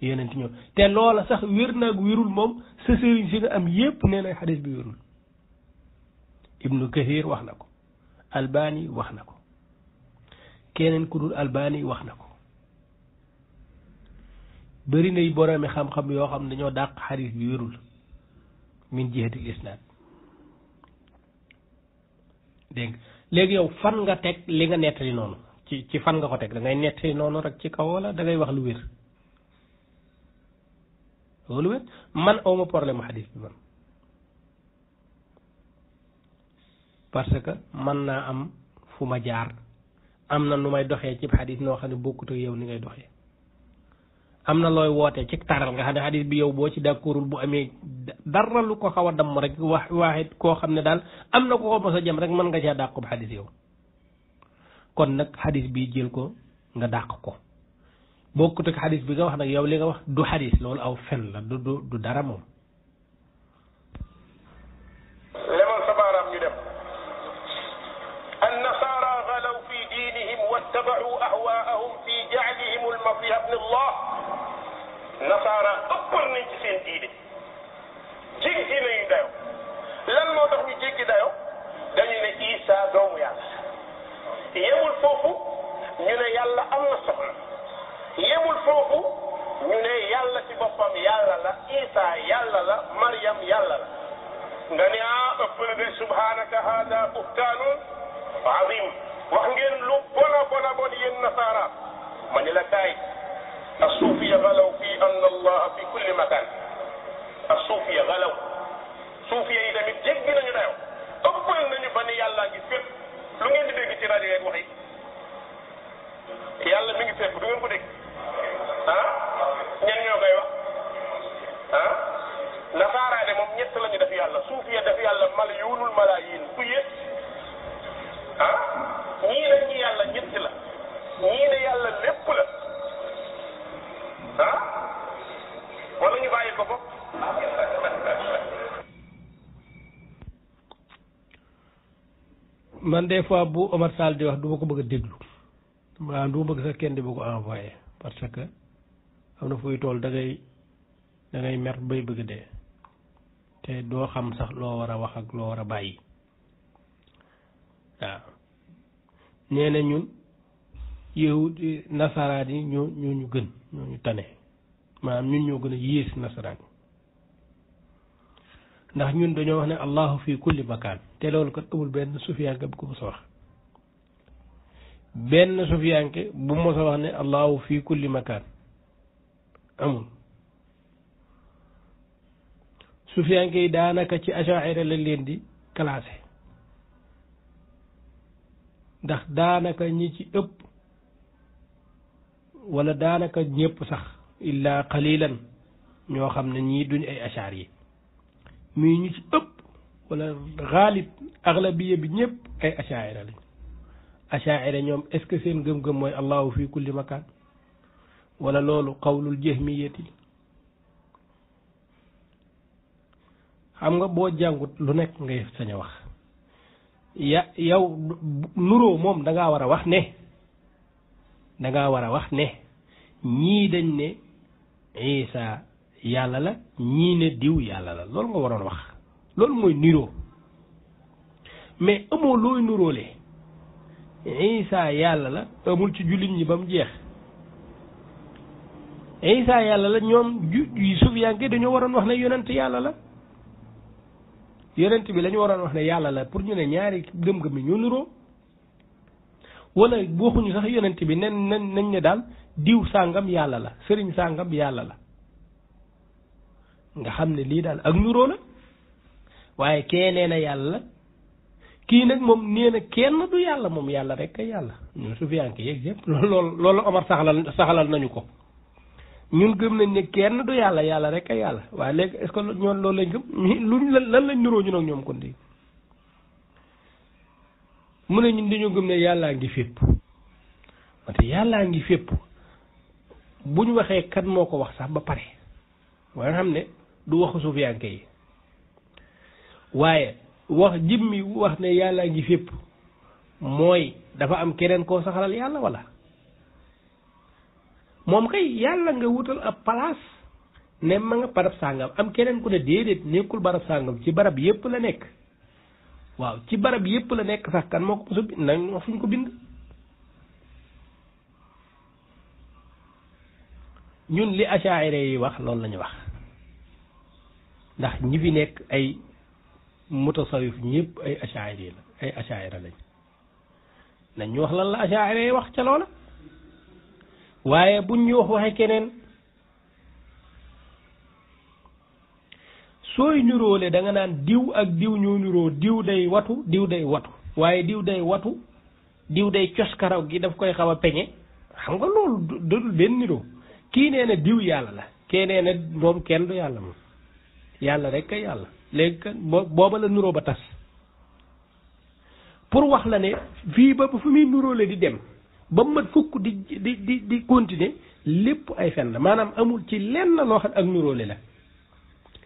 yeneen ci ñoom te loola sax wér naag wérul moom sa si nga am yépp nee na xadis bi wérul Ibnu Kathir wax na ko Albani wax na ko keneen ku dul albani wax na ko bëri nay boroomi xam-xam yoo xam dañoo dàq xadis bi wérul min jihatil isnaad dégg léegi yow fan nga teg li nga nettali noonu ci ci fan nga ko teg da ngay nettali noonu rek ci kaw wala da wax lu wér loolu wér man awma problème xadis bi man parce que mën naa am fu ma jaar am na nu may doxee ci xadis noo xam ne bokkut ak yow ni ngay doxe am na looy wootee ci taral nga xam ne xadis bi yow boo ci d'accordul bu amee dara lu ko xaw a damm rek wax waxit koo xam ne daal am na koo ko mos a jëm rek mën nga caa dàqub xadis yow kon nag xadis bii jël ko nga dàq ko bokkut ak xadis bi nga wax nag yow li nga wax du xadis loolu aw fen la du du du dara moom bi hablillah nasaara ëppal nañ ci seen diine jéggi nañu dayo lan moo tax ñu jéggi dayo dañu ne Isa doomu yàlla yemul foofu ñu ne yàlla am na soxna yemul foofu ñu ne yàlla ci boppam yàlla la Isa yàlla la Maryam yàlla la nga ne ah ëpp hada buhtaanun azim wax ngeen lu bona bona bon الصوفية غلوا في أن الله في كل مكان الصوفية غلوا صوفية yi tamit jéggi nañu dayoo ëppal nañu ba ni yàlla ngi fépp lu ngeen di dégg ci rajo yeeg wax yi yàlla mi ngi fépp du ngeen ko dégg ah ñenn ñoo koy wax ah nasaara moom ñett la ñu def yàlla suufiya def yàlla mal yuunul malaayin ku yées ah ñii ne yàlla ñett la ñii ne yàlla lépp la. ah wala man des fois bu Omar Sall di wax du ma ko bëgg a déglu maanaam du ma bëgg sax kenn di ma ko envoyé parce que am na fuy tool dangay dangay da ba mer bëgg dee te doo xam sax loo war a wax ak loo war a bàyyi waaw nee ñun yow nasaraan yi ñoo ñu gën ñoo ñu tane maanaam ñun ñoo gën a yées nasaraan ndax ñun dañoo wax ne allahu fi kulli makaan te loolu ko amul benn sufiyanke bu ko mos a wax benn sufiyanke bu mos a wax ne allahu fi kulli makaan amul sufiyanke yi daanaka ci achaira lañ leen di classé ndax daanaka ñi ci ëpp wala daanaka ñëpp sax illa qalilan ñoo xam ne ñii duñ ay achaar yi muy ñu ci ëpp wala xaalib aglabiya bi ñëpp ay achaira lañ achaira ñoom est ce que seen gëm-gëm mooy allahu fi kulli makaan wala loolu qawlul jahmiyati xam nga boo jàngut lu nekk ngay sañ wax ya yow nuroo moom da war a wax ne da war a wax ne ñii dañ ne isa yàlla la ñii ne diw yàlla la loolu nga waroon wax loolu mooy niroo mais amoo looy niroole isa yàlla la amul ci jullit ñi ba mu jeex isa yàlla la ñoom ju sufiyanke dañoo waroon wax ne yonent yàlla la yonent bi la ñu waroon wax ne yàlla la pour ñu ne ñaari gëm-gëm yi ñoo niroo wala waxuñu sax yonent bi nen nen nañ ne daal diw sàngam yàlla la sëriñ sàngam yàlla la nga xam ne lii daal ak ñuróo la waaye kee nee na yàlla kii nag moom nee na kenn du yàlla moom yàlla rek yàlla ñun sufiyanke yeeg yëpp [LAUGHS] loolu loolu Omar saxalal saxalal nañu ko ñun gëm nañ ne kenn du yàlla yàlla rek yàlla waaye léegi est-ce que ñoom loolu lañ gëm [LAUGHS] luñ lan lañ ñuróo ñu nag ñoom kon dé mu ne ñun dañoo gëm ne yàllaa ngi fépp wante yàllaa ngi fepp bu waxee kan moo ko wax sax ba pare waaye xam ne du waxu suufiyanke yi waaye wax jëmmi wax ne yàllaa ngi fépp mooy dafa am keneen koo saxalal yàlla wala moom kay yàlla nga wutal ab place ne ma nga barab sàngam am keneen ku ne déedéet nekkul barab sàngam ci barab yépp la nekk waaw ci barab yépp la nekk sax kan moo ko mos a nañ ko bind ñun li achaire yi wax loolu la wax ndax ñi fi nekk ay mutasawif ñëpp ay achaire yi la ay achaire lañ nañ ñu wax lan la achaire yi wax ca loola waaye buñ ñu wax waxe keneen sooy niróole da nga naan diw ak diw ñoo niroo diw day watu diw day watu waaye diw day watu diw day cos karaw gi daf koy xaw a peñe xam nga loolu dul benn niroo kii nee na diw yàlla la kee nee na moom kenn du yàlla moom yàlla rek kay yàlla léegi kan booba la niroo ba tas pour wax la ne fii ba fu muy niróole di dem ba mat fukk di di di di continuer lépp ay fen la maanaam amul ci lenn loo xam ak niróole la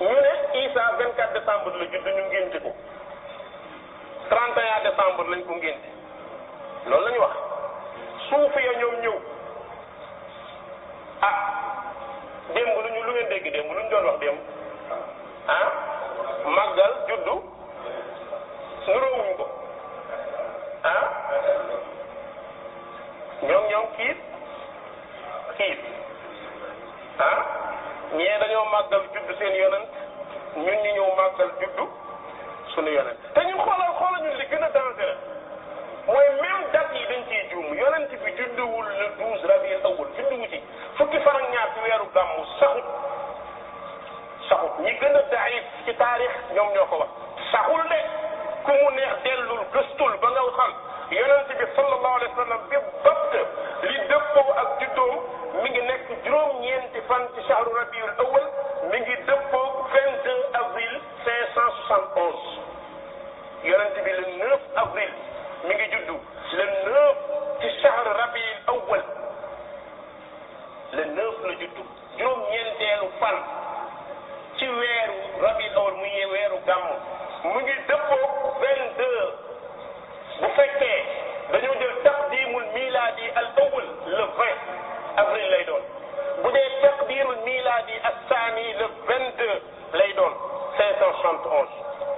ñu ne Isa 24 décembre la judd ñu ngénte ko 31 décembre lañ ko ngénte loolu la ñu wax suuf ya ñoom ñëw ah démb lu ñu lu ngeen dégg démb lu ñu doon wax démb ah màggal ko ah ñoom ñoom kiit kiit ah ñee dañoo màggal juddu seen yonent ñun ñu ñëw màggal juddu suñu yonent te ñun xoolal xoolal ñun li gën a dangereux mooy même date yi dañ ciy juum yonent bi judduwul le douze awal judduwu ci fukki fan ak ñaar ci weeru gàmmu saxut saxut ñi gën a daif ci taarix ñoom ñoo ko wax saxul de ku mu neex dellul gëstul ba nga xam yonent bi sallallahu alayhi wa sallam bi bapt li dëppoo ak mi ngi nekk juróom-ñeenti fan ci shahru rabiul awal mi ngi dëppoog 22 avril 571 yonent bi le 9 avril mi ngi juddu le 9 ci shahru rabiul awal le 9 la juddu juróom-ñeenteelu fan ci weeru rabiul awal muy weeru gàmm mu ngi dëppoog 22 bu fekkee dañoo jël taqdimul milaadi al awal le 20. avril lay doon bu dee takbiirul milaadi ak saani le 22 lay doon 571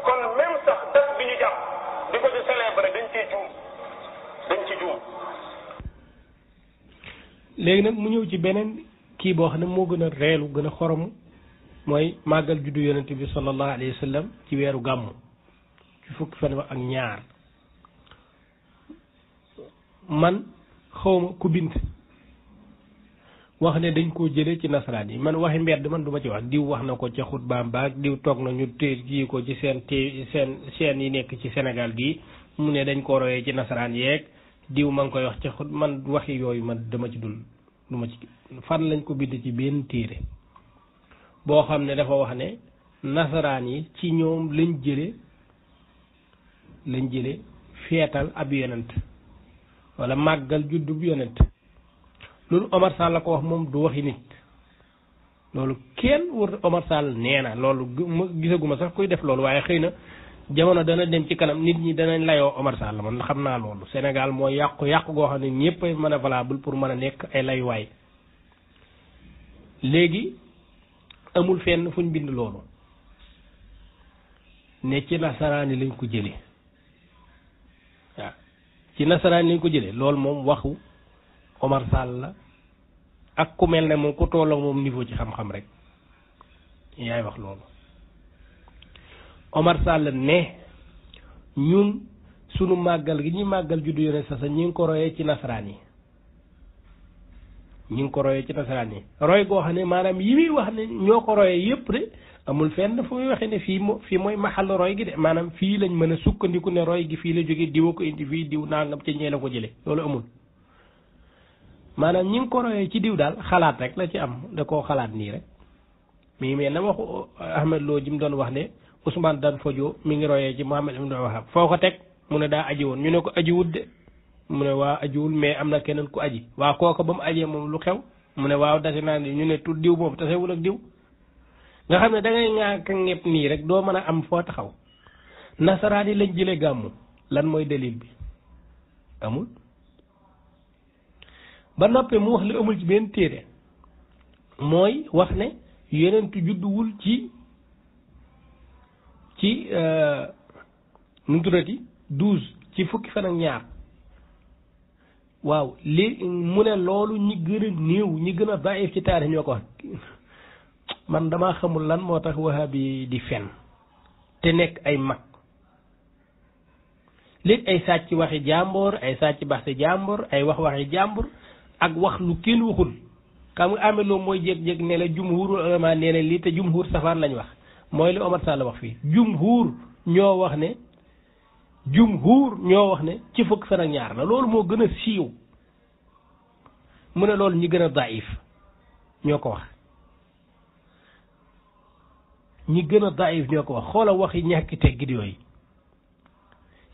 kon même sax date bi ñu jàpp di ko di célébrer dañ ciy juum dañ ci juum. léegi nag mu ñëw ci beneen kii boo xam ne moo gën a reelu gën a xorom mooy màggal juddu yonente bi sallallahu alayhi wa ci weeru gàmmu ci fukki fan ak ñaar man xawma ku bind wax ne dañ koo jële ci nasaraan yi man waxi mbedd man duma ma ci wax diw wax na ko ca baam baag diw toog na ñu téye kii ko ci seen té seen chaîne yi nekk ci senegal gi mu ne dañ ko royee ci nasaraan yeeg diw ma ngi koy wax ca xut man waxi yooyu ma dama ci dul du ma ci fan lañ ko bind ci benn téere boo xam ne dafa wax ne nasaraan yi ci ñoom lañ jële lañ jële feetal ab yonent wala màggal juddub yonent lu Omar la ko wax moom du waxi nit loolu kenn wër Omar nee na loolu gisaguma sax kuy def loolu waaye xëy na jamono dana dem ci kanam nit ñi danañ layoo Omar Sall man xam naa loolu senegal moo yàqu yàqu goo xam ne ñëpp ay mën a valable pour mën a nekk ay layuwaay léegi amul fenn fuñ bind loolu ne ci nasaraani lañ ko jëlee waaw ci nasaraani lañ ko jëlee loolu moom waxu Omar Sall la ak ku mel ne moom ku tolloo moom niveau ci xam-xam rek yaay wax loolu Omar Sall ne ñun sunu màggal gi ñuy màggal juddu yonent sa sa ñi ngi ko royee ci nasaraan yi ñi ngi ko royee ci nasaraan yi roy goo xam ne maanaam yi muy wax ne ñoo ko royee yépp de amul fenn fu muy waxee ne fii mo fii mooy maxal roy gi de maanaam fii lañ mën a sukkandiku ne roy gi fii la jóge diwa ko indi fii diw nangam ca ñee la ko jële loolu amul maanaam ñi ko royee ci diw daal xalaat rek la ci am da koo xalaat nii rek mii mais na waxu Ahmed Lo ji mu doon wax ne Ousmane Dan Fodio mi ngi royee ci Mouhamed Ibn Wahab foo ko teg mu ne daa aji woon ñu ne ko ajiwut de mu ne waa ajiwul mais am na keneen ku aji waa kooka ba mu ajee moom lu xew mu ne waaw dase naa ne ñu ne tur diw moom tasewul ak diw nga xam ne da ngay ka ñëpp nii rek doo mën a am foo taxaw nasaraan yi lañ jëlee gàmmu lan mooy dalil bi amul ba noppee mu wax li amul ci benn téere mooy wax ne yonent judduwul ci ci euh, nu mu tuddati douze ci fukki fan ñaar waaw li mu ne loolu ñi gën a néew ñi gën a daif ci taarix ñoo ko [TSK] man damaa xamul lan moo tax wahabi di fen te nekk ay mag léegi ay ci waxi jàmbur ay sàcc baxsi jàmbur ay wax waxi jàmbur ak wax lu kenn waxul xam nga ameloo mooy jéeg-jéeg ne la jumhurul ulama nee na lii te jumhur safaan lañ wax mooy li Omar Sall wax fii jumhur ñoo wax ne jumhur ñoo wax ne ci fukk fan ak ñaar la loolu moo gën a siiw mu ne loolu ñi gën a daif ñoo ko wax ñi gën a daif ñoo ko wax xoola waxi ñàkki teggit yooyu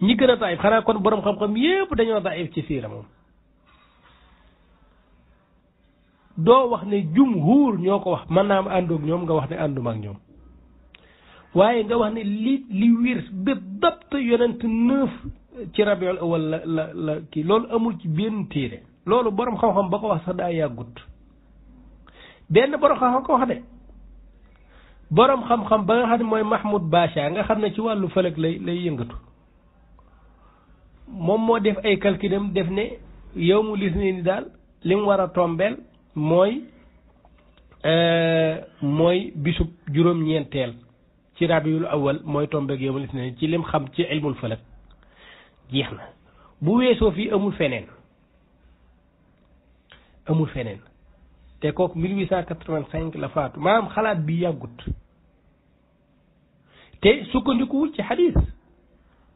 ñi gën a daif xanaa kon borom xam-xam yépp dañoo daif ci siira moom doo wax ne jumhuur ñoo ko wax man naa am àndook ñoom nga wax ne ànduma ak ñoom waaye nga wax ne li li wiir ba dapt yonent neuf ci rabiul la la la kii loolu amul ci benn téere loolu boroom xam-xam ba ko wax sax daa yàggut benn borom xam-xam ko wax de borom xam-xam ba nga xam ne mooy Mahmoud Bacha nga xam ne ci wàllu fëlëg lay lay yëngatu moom moo def ay calculam def ne yow mu lis ni daal li war a tombeel mooy euh, mooy bisub juróom-ñeenteel ci rabiul awal mooy tombeeg yowmal isnayn ci lim xam ci ilmul falak jeex na bu weesoo fii amul feneen amul feneen te kooku 1885 la faatu maanaam xalaat bi yàggut te sukkandikuwul ci xadis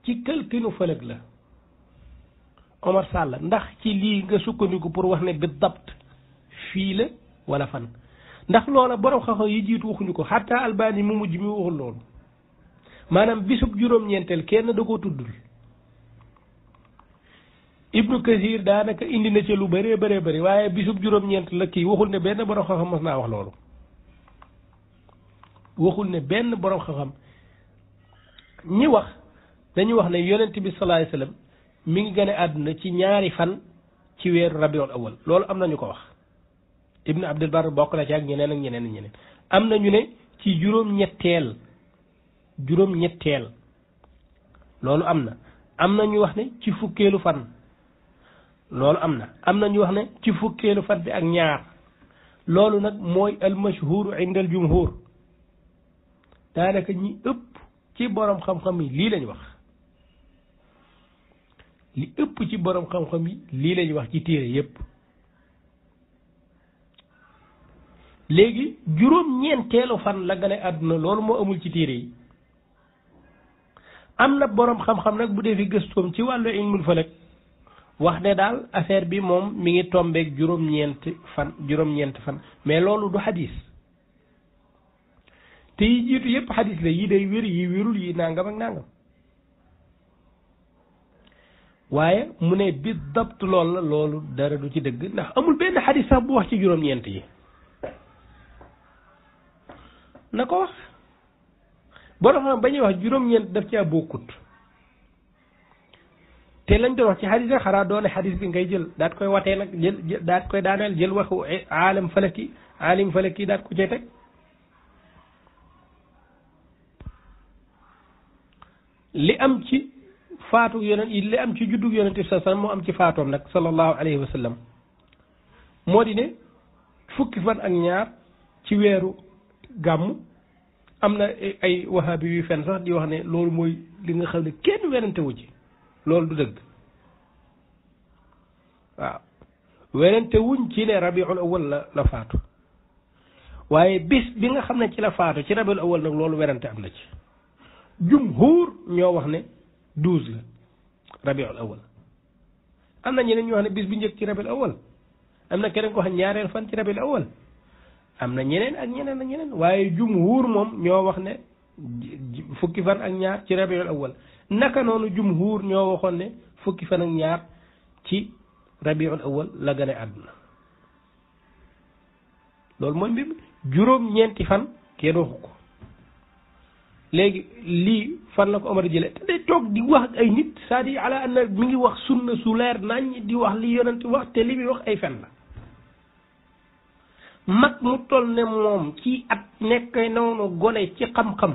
ci këlkinu falak la Omar Sall ndax ci lii nga sukkandiku pour wax ne bi dabt fii la wala fan ndax loola borom xam yi jiitu waxuñu ko xataa albani mu mujj mi waxul loolu maanaam bisub juróom-ñeenteel kenn da koo tuddul ibnu kasir daanaka indi na ci lu bëree bëree bëri waaye bisu juróom-ñeent la kii waxul ne benn borom xam-xam mos naa wax loolu waxul ne benn borom xam ñi wax dañu wax ne yonent bi sallallahu alayhi wasallam mi ngi gën a àdduna ci ñaari fan ci weeru rabiul awal loolu am na ñu ko wax ibnu abdul bar bokk na ci ak ñeneen ak ñeneen ak ñeneen am na ñu ne ci juróom-ñetteel juróom-ñetteel loolu am na am na ñu wax ne ci fukkeelu fan loolu am na am na ñu wax ne ci fukkeelu fan bi ak ñaar loolu nag mooy almashhuru inda al jumhur daanaka ñi ëpp ci borom xam-xam wax li ëpp ci borom xam-xam yi lii lañ wax ci téere yépp léegi juróom ñeenteelu fan la gane àdduna loolu moo amul ci téere yi am na boroom xam-xam nag bu dee fi gëstoom ci wàllu ilmul falak wax ne daal affaire bi moom mi ngi tombeeg juróom-ñeent fan juróom-ñeent fan mais loolu du xadis te yi jiitu yëpp xadis la yi day wér yi wérul yi nangam ak nangam waaye mu ne bi dabt lool la loolu dara du ci dëgg ndax amul benn xadis sax bu wax ci juróom-ñeent yi na ko wax boo tax ba ñuy wax juróom-ñeent daf caa bokkut te lañ doon wax ci xadis nag xanaa doone xadis bi ngay jël daat koy watee nag jël daat koy daaneel jël waxu aalam falaki aalim falaki daat ko cay teg li am ci faatu yonent li am ci juddug yonent sa sallam moo am ci faatoom nag sallallahu alayhi wa sallam moo di ne fukki fan ak ñaar ci weeru gàmm am na ay wahabi yuy fen sax di wax ne loolu mooy li nga xam ne kenn werante ci loolu du dëgg waaw werante wuñ ci ne rabiul awal la la faatu waaye bis bi nga xam ne ci la faatu ci rabiul awal nag loolu werante am na ci jumhur ñoo wax ne douze la rabiul awal am na ñeneen ñoo xam ne bis bi njëkk ci rabiul awal am na keneen ko xam ñaareel fan ci rabiul awal am na ñeneen ak ñeneen ak ñeneen waaye jumhuur moom ñoo wax ne fukki fan ak ñaar ci rabiul awal naka noonu jumhuur ñoo waxoon ne fukki fan ak ñaar ci rabiul awal la àdduna loolu mooy mbir juróom-ñeenti fan kenn waxu ko léegi lii fan na ko Omar jëlee te day toog di wax ay nit c'est-à-dire ala anna mi ngi wax sunna su leer nañ di wax li yonent wax te li muy wax ay fen la mag mu toll ne moom ci at nekk noonu gone ci xam-xam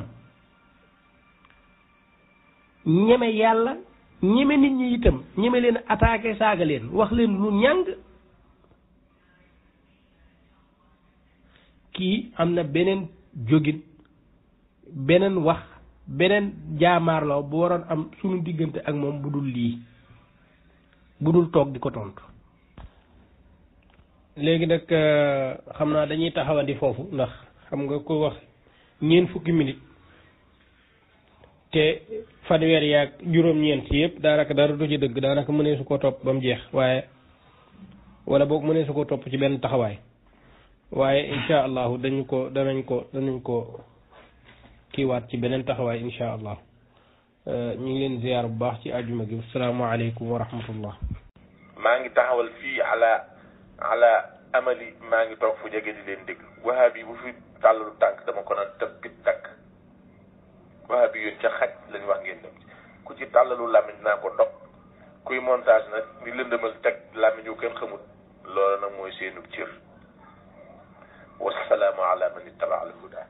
ñeme yàlla ñeme nit ñi itam ñeme leen attaqué saaga leen wax leen lu ñàng kii am na beneen jógin beneen wax beneen jaamaarloo bu waroon am sunu diggante ak moom bu dul lii bu dul toog di ko tontu léegi nag euh, xam naa dañuy taxawandi foofu ndax xam nga ko wax ñeent fukki minit te fanweer yaag juróom-ñeent yëpp daanaka dara du ci dëgg daanaka mënee su ko topp ba jeex waaye wala boog mënee su ko topp ci benn taxawaay waaye incha allahu dañu ko danañ ko danañ ko kiiwaat ci beneen taxawaay incha allah euh, ñu ngi leen ziyaar bu baax ci àjjuma gi asalaamaaleykum wa rahmatullah maa ngi taxawal fii ala ala amali maa ngi toog fu jege di leen déglu wahaab yi fi tàllalu tànk dama ko naan tëb pit takk wahaab yi ca xaj lañu wax ngeen dem ku ci tàllalu làmmiñ naa ko dog kuy montage nag ni lëndëmal teg làmmiñ yu kenn xamut loolu nag mooy seenub cër wasalaamu ala man ittaba al huda